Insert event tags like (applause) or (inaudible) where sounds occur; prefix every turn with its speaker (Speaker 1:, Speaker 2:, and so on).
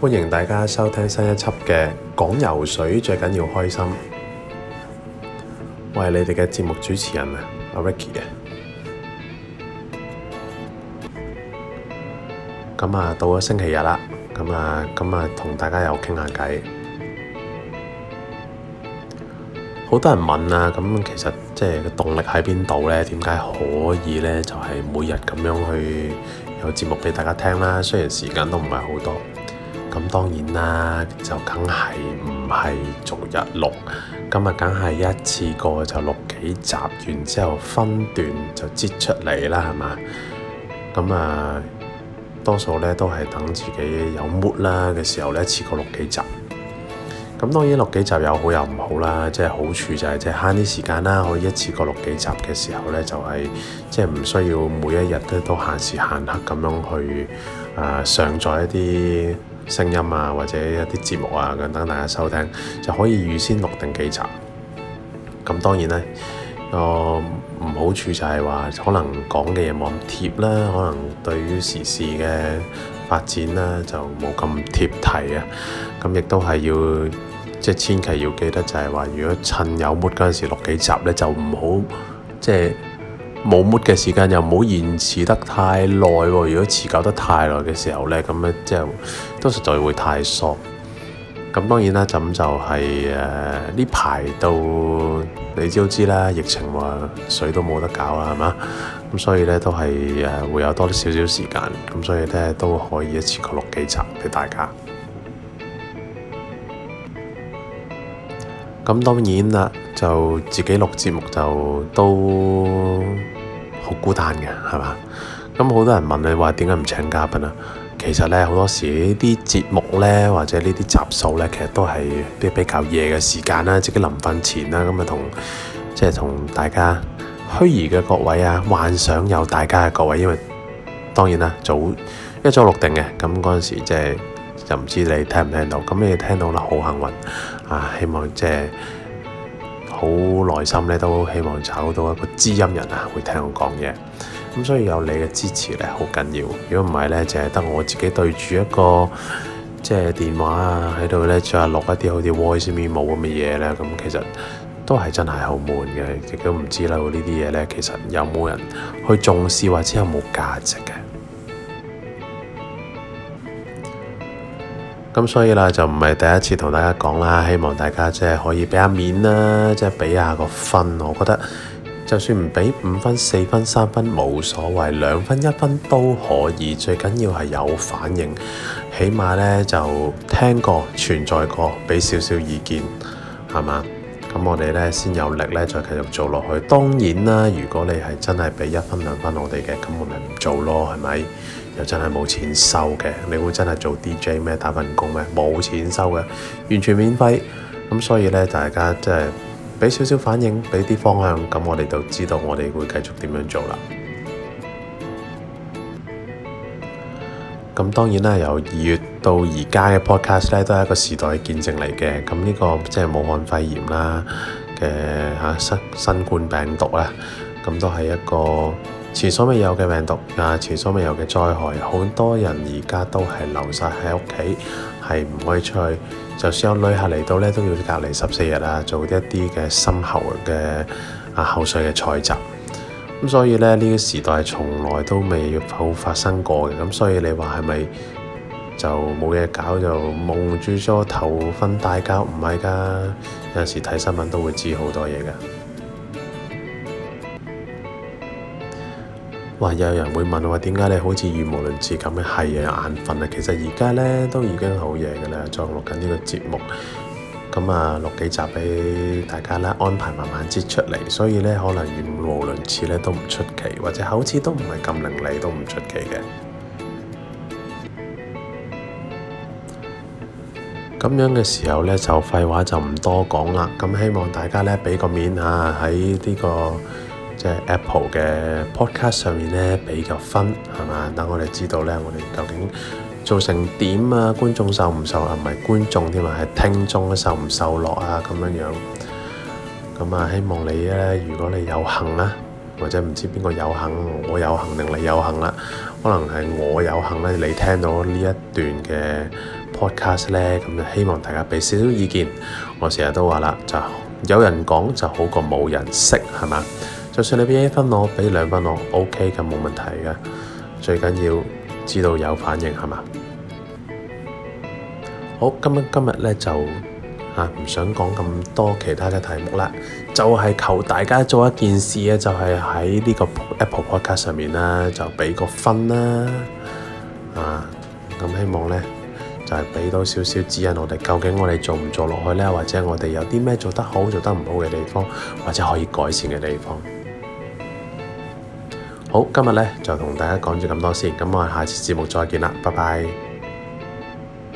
Speaker 1: 歡迎大家收聽新一輯嘅講游水最緊要開心，我係你哋嘅節目主持人啊，阿 Ricky 啊。咁啊，到咗星期日啦，咁啊，咁啊，同大家又傾下偈。好多人問啊，咁其實即係個動力喺邊度咧？點解可以咧？就係每日咁樣去有節目俾大家聽啦。雖然時間都唔係好多。咁當然啦，就梗係唔係逐日錄，今日梗係一次過就錄幾集，完之後分段就擠出嚟啦，係嘛？咁啊，多數咧都係等自己有 mood 啦嘅時候咧，一次過錄幾集。咁當然錄幾集有好有唔好啦，即係好處就係即係慳啲時間啦，可以一次過錄幾集嘅時候咧，就係即係唔需要每一日咧都限時限刻咁樣去誒、呃、上載一啲，聲音啊，或者一啲節目啊，咁等大家收聽 (noise) 就可以預先錄定幾集。咁當然咧，個唔好處就係話可能講嘅嘢冇咁貼啦，可能對於時事嘅發展咧就冇咁貼題啊。咁亦都係要即係千祈要記得就，就係話如果趁有 mood 嗰陣時錄幾集咧，就唔好即係。冇抹嘅時間又唔好延遲得太耐喎，如果持久得太耐嘅時候咧，咁咧即係都實在會太索。咁當然啦，咁就係誒呢排到你都知啦，疫情話水都冇得搞啦，係嘛？咁所以咧都係誒、啊、會有多啲少少時間，咁所以咧都可以一次過錄幾集俾大家。咁當然啦。就自己錄節目就都好孤單嘅，係嘛？咁好多人問你話點解唔請嘉賓啊？其實咧好多時呢啲節目咧或者呢啲集數咧，其實都係啲比較夜嘅時間啦，自己臨瞓前啦，咁啊同即係同大家虛擬嘅各位啊，幻想有大家嘅各位，因為當然啦早一早錄定嘅，咁嗰陣時即係就唔知你聽唔聽到，咁你聽到喇好幸運啊！希望即係。好耐心咧，都希望找到一個知音人啊，會聽我講嘢。咁所以有你嘅支持咧，好緊要。如果唔係咧，淨係得我自己對住一個即係電話啊，喺度咧再錄一啲好似 voice memo 咁嘅嘢咧，咁其實都係真係好悶嘅。亦都唔知啦，呢啲嘢咧其實有冇人去重視或者有冇價值嘅。咁所以啦，就唔係第一次同大家講啦，希望大家即係可以俾下面啦，即係俾下個分。我覺得就算唔俾五分、四分、三分冇所謂，兩分、一分都可以。最緊要係有反應，起碼呢就聽過存在過，俾少少意見係嘛？咁我哋呢先有力呢，再繼續做落去。當然啦，如果你係真係俾一分兩分我哋嘅，根本係唔做咯，係咪？就真係冇錢收嘅，你會真係做 DJ 咩？打份工咩？冇錢收嘅，完全免費。咁所以呢，大家即係俾少少反應，俾啲方向，咁我哋就知道我哋會繼續點樣做啦。咁當然啦，由二月到而家嘅 podcast 呢，都係一個時代嘅見證嚟嘅。咁呢個即係武漢肺炎啦嘅嚇新新冠病毒啦，咁都係一個。前所未有嘅病毒啊，前所未有嘅災害，好多人而家都係留晒喺屋企，係唔可以出去。就算有旅客嚟到呢，都要隔離十四日啊，做一啲嘅深喉嘅啊口水嘅採集。咁、啊、所以呢，呢、呢個時代從來都未有發生過嘅。咁所以你話係咪就冇嘢搞就蒙住咗頭瞓大覺？唔係㗎，有陣時睇新聞都會知好多嘢㗎。話有人會問話，點解你好似語無倫次咁樣？係啊，眼瞓啊，其實而家咧都已經好夜噶啦，再錄緊呢個節目，咁啊，錄幾集俾大家咧安排慢慢接出嚟，所以咧可能語無倫次咧都唔出奇，或者好似都唔係咁伶俐都唔出奇嘅。咁樣嘅時候咧就廢話就唔多講啦，咁希望大家咧俾個面啊喺呢個。即係 Apple 嘅 podcast 上面咧俾個分係嘛，等我哋知道咧，我哋究竟做成點啊？觀眾受唔受啊？唔係觀眾添啊，係聽眾受唔受落啊？咁樣樣咁啊，希望你咧，如果你有幸啦、啊，或者唔知邊個有幸，我有幸定你有幸啦、啊，可能係我有幸咧，你聽到呢一段嘅 podcast 咧，咁就希望大家俾少少意見。我成日都話啦，就有人講就好過冇人識係嘛。就算你畀一分我，畀兩分我，OK，嘅，冇、OK、問題嘅。最緊要知道有反應係嘛？好，今日今日咧就啊，唔想講咁多其他嘅題目啦，就係、係、求大家做一件事、就係、啊，就係喺、啊、呢個 Apple Podcast 上面啦，就俾個分啦啊！咁希望咧就係俾多少少指引我哋，究竟我哋做唔做落去咧，或者我哋有啲咩做得好、做得唔好嘅地方，或者可以改善嘅地方。好，今日呢，就同大家講住咁多先，咁我哋下次節目再見啦，拜拜。